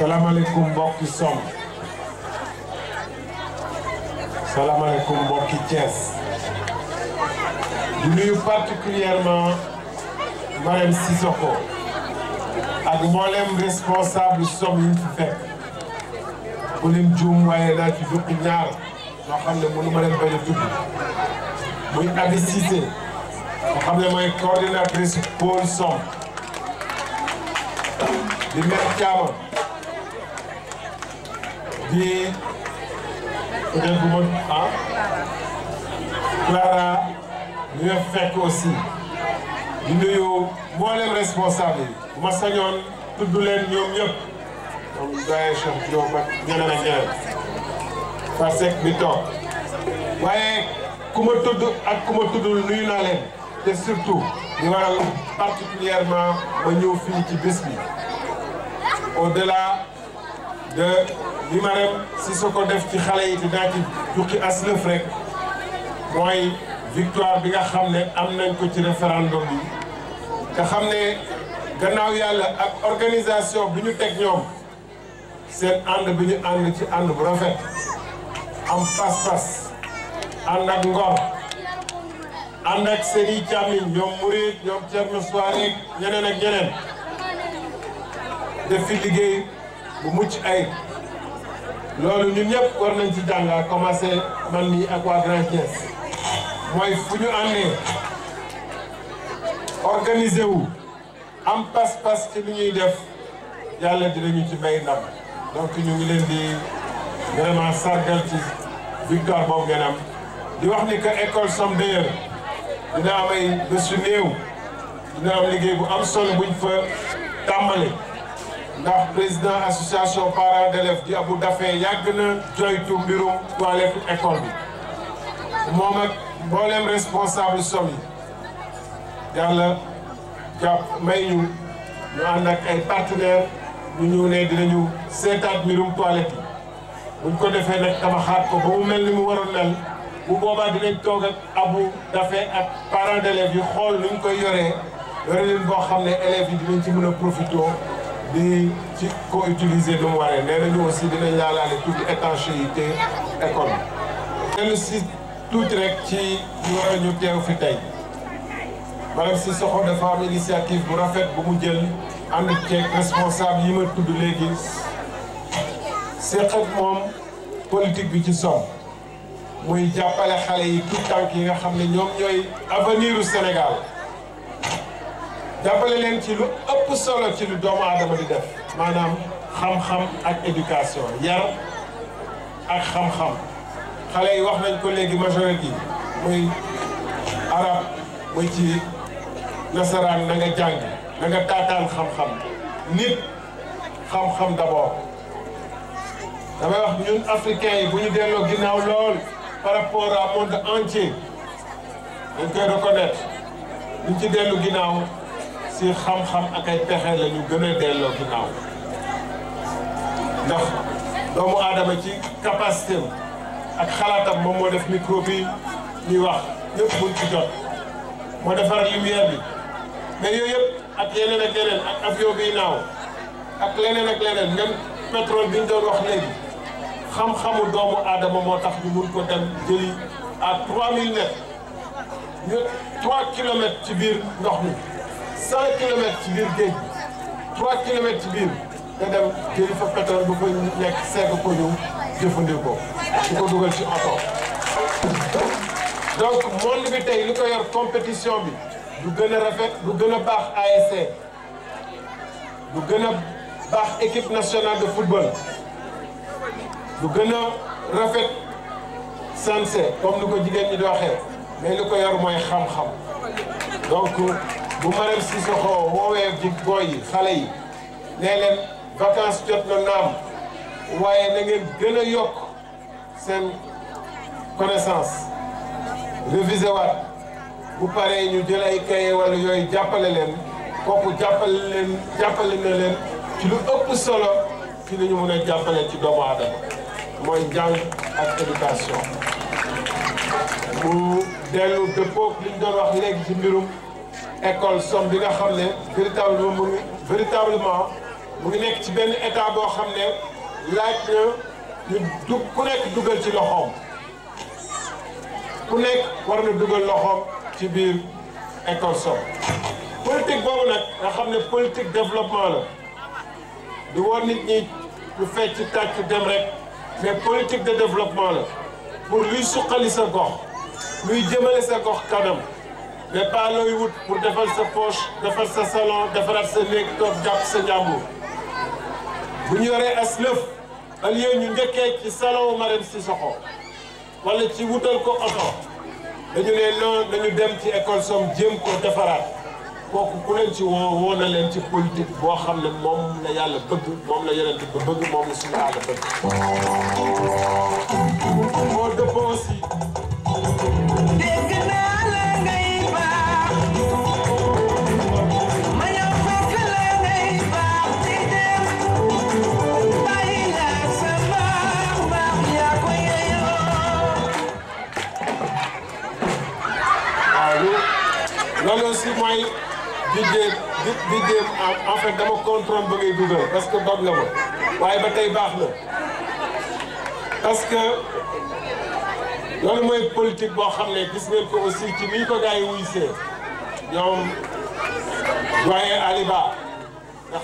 salaamaaleykum mbokki Som salaamaaleykum mbokki cees di nuyu particulièrement Marème Sissoko ak mboolem responsable Som yi fi fekk ku lim juum waaye naa ci ñaar ñoo xam ne mënu ma leen bañ a tudd muy Abi Cissé nga xam ne mooy coordinatrice pôle Som di maire Thiama di dégguma ah Clara ñu nga fekk aussi di nuyu mboolem responsable yi bu ma sañoon tudd leen ñoom ñëpp ñoom doyen Cheikh Diop ak ñeneen ak ñeneen Fasek bi toog waaye ku ma tuddul nuyu te surtout di waral particulièrement ma ñëw fii ci bés bi au delà de li ma si su ko def ci xale yi dinaa ci jukki as lëf rek mooy victoire bi nga xam ne am nañ ko ci référendum bi nga xam ne gannaaw yàlla ak organisation bi ñu teg ñoom seen ànd bi ñu ànd ci ànd bu rafet am pas-pas ànd ak ngor ànd ak seeni càmmiñ ñoom Mouride ñoom Thierno Soare ñeneen ak ñeneen def fi liggéey. bu mucc ay loolu ñu ñëpp war nañ ci jàngaa commencé man ak waa Grand Thiès mooy fu ñu àndee organiser wu am pas-pas ci li ñuy def yàlla dinañu ci may donc ñu ngi leen di vraiment sargal ci victoire boobu di wax ni que école Sombeur dina am ay bés yu néew dina am liggéey bu am sol buñ fa tàmbali. ndax président association parents d'élèves di Abou Dafé yàgg na joytu mbirum toilette école bi moom ak mboolem responsable SOM yi yàlla jàpp may ñu ñu ànd ak ay partenaires ñu ñëw ne dinañu seetaat mbirum toilette yi buñ ko defee nag tabaxaat ko ba mu mel ni mu waroon mel bu boobaa dinañ toog ak Abou Dafé ak parents d'élèves yi xool nuñ koy yoree yore leen boo xam ne élèves yi dinañ ci mun a profité di ci ko utiliser lu mu waree nee nañu aussi dinañ laalaale tuuti étanchéité école bi. dellu si tuuti rek ci ñu war ñu teew fi tey madame Cissokho dafa am initiative bu rafet bu mu jël ànd ceeg responsable yi ma tudd léegi seqat moom politique bi ci som muy jàppale xale yi tout tànk yi nga xam ne ñoom ñooy avenir Sénégal. jàppale leen ci lu ëpp solo ci lu doomu aadama di def maanaam xam-xam ak éducation yar ak xam-xam xale yi wax nañ ko léegi majorité yi muy arab muy ci nasaraan na nga jàng na nga taataan xam-xam nit xam-xam d'abord damay wax ñun africains yi bu ñu delloo ginnaaw lool par rapport à monde entier dañ koy reconnaître ñu ci dellu ginnaaw ci xam-xam ak ay pexe la ñu gën a delloo ginnaaw ndax doomu aadama ci capacité ak xalaatam moom moo def micro bi wax ñëpp buñ ci jot moo defar lumière bi mais yooyu yëpp ak yeneen ak yeneen ak avion biy naaw ak leneen ak leneen même pétrole bi ñu doon wax léegi xam-xamu doomu aadama moo tax ñu mun ko dem jëli à 3000 mètres ñu 3 kilomètres ci biir ndox mi. cent kilomètres ci biir géej trois kilomètres ci biir nga dem jëli fa pétrole ba koy nekk seetlu ko ñëw jëfandikoo di ko dugal ci oto. donc monde bi tey li ko yor compétition bi du gën a rafet du gën a baax ASC du gën a baax équipe nationale de football du gën a rafet sanse comme ni ko jigéen ñi di waxee mais li ko yor mooy xam-xam donc. bu Marème Cissokho woowee ji booy yi xale yi nee leen vacances jot na naam waaye na ngeen gën a yokk seen connaissance révisé waat bu paree ñu jël ay cahier wala yooyu jàppale leen kooku jàppale leen jàppale na leen ci lu ëpp solo ci li ñu mën a jàppale ci doomu aadama mooy njàng ak éducation mu dellu dëppoo li ñu doon wax léegi ci mbirum école somme bi nga xam ne véritablement mu ngi véritablement mu ngi nekk ci benn état boo xam ne laaj na ñu du ku nekk dugal ci loxoom ku nekk war na dugal loxoom ci biir école somme politique boobu nag nga xam ne politique développement la di woon nit ñi ñu fecc tàcc dem rek mais politique de développement la pour luy suqali sa gox luy jëmale sa gox kanam mais pas looy wut pour defal sa poche defal sa salon defaraat sa néeg toog jàpp sa njàmbur bu ñu yoree as lëf au ñu njëkkee ci salon si soxo wala ci wutal ko oto dañu ne non dañu dem ci école som jëm ko defaraat kooku ku leen ci woo leen ci politique boo xam ne moom na yàlla bëgg moom la yeneen ba bëgg moom la suñu aada bëgg di di jéem en fait dama contrôle ba ngay dugal parce que dog nga ma waaye ba tey baax na parce que loolu mooy politique boo xam ne gis ngeen ko aussi ci ni ko gars yi wuy see ñoom doyen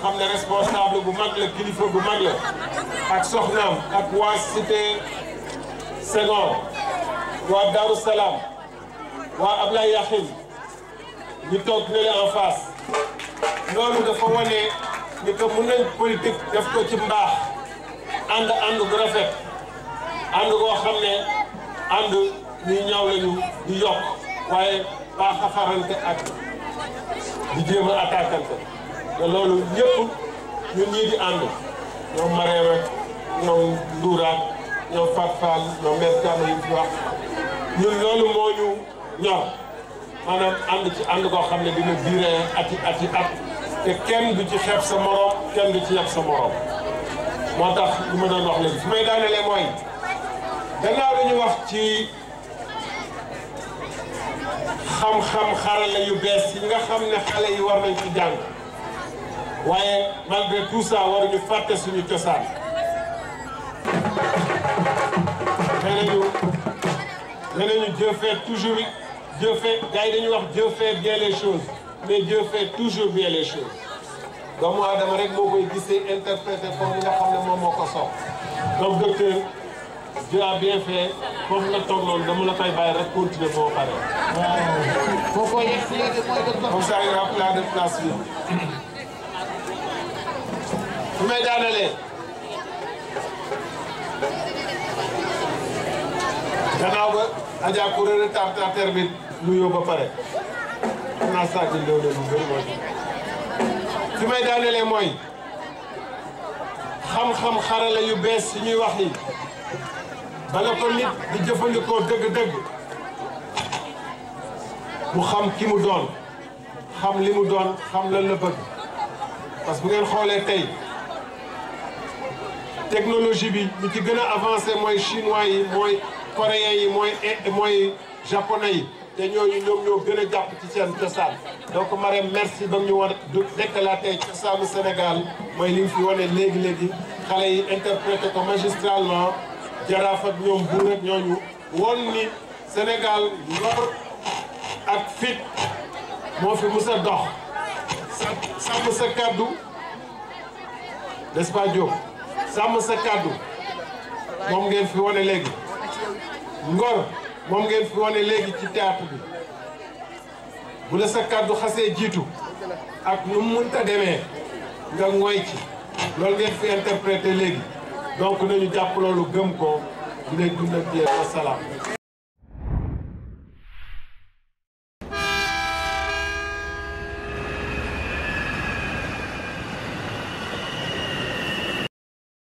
xam ne responsable bu mag la kilifa bu mag la ak soxnaam ak waa Cité Senghor waa Darou Salam waa Ablaye Yaxin ñu toog ne la en face loolu dafa wane ni que mun nañ politique def ko ci mbaax ànd ànd bu rafet ànd koo xam ne ànd ñuy ñaw lañu di yokk waaye baa ak di jéem a attaquante te loolu yëpp ñun ñii di ànd ñoom Marème ñoom Ndouraat ñoom Fat Fall ñoom Mère Thiam yi fi wax ñun ñu maanaam ànd ci ànd koo xam ne dina duré ati ati at. te kenn du ci xeeb sa morom kenn du ci yab sa morom moo tax li ma doon wax léegi fi may daanelee mooy gannaaw li ñu wax ci xam-xam xarala yu bees yi nga xam ne xale yi war nañ ci jàng waaye malgré tout ça waruñu fàtte suñu cosaan nenañu nenañu Dieu fait toujours Dieu fait gars yi dañuy wax Dieu fait bien les choses mais Dieu fait toujours bien les choses doomu aadama rek moo koy gise interprété comme ni xam ne moom moo ko soxla donc docteur Dieu a bien fait foofu nga toog noonu dama la koy bàyyi rek continuer boo pare. waaw boo ko yegg léegi mooy docteur. comme ça il y a plein de place bi. fu may ba pare. mën naa saagal loolu mooy may daanelee mooy xam-xam xarala yu bees yi ñuy wax ni bala ko nit di jëfandikoo dëgg-dëgg mu xam ki mu doon xam li mu doon xam lan la bëgg parce que bu ngeen xoolee tey technologie bi ñu ci gën a avancé mooy chinois yi mooy coréens yi mooy mooy. japonais yi te ñooñu ñoom ñoo gën a jàpp ci seen cosaan donc Marème merci ba mu ñu war du déclaté cosaanu senegal mooy li ñu fi wane léegi léegi xale yi interprété ko magistralement jaraaf ak ñoom buur ak ñooñu woon ni Sénégal ngor ak fit moo fi mës dox sàmm sa kàddu n'est-ce pas Diop sàmm sa kàddu moom ngeen fi wane léegi ngor moom ngeen fi wane léegi ci théâtre bi bu la sa kàddu xasee jiitu ak nu mu mënta demee nga ngoy ci loolu ngeen fi interprété léegi donc nañu jàpp loolu gëm ko dinañ dund ak yéen wasalaam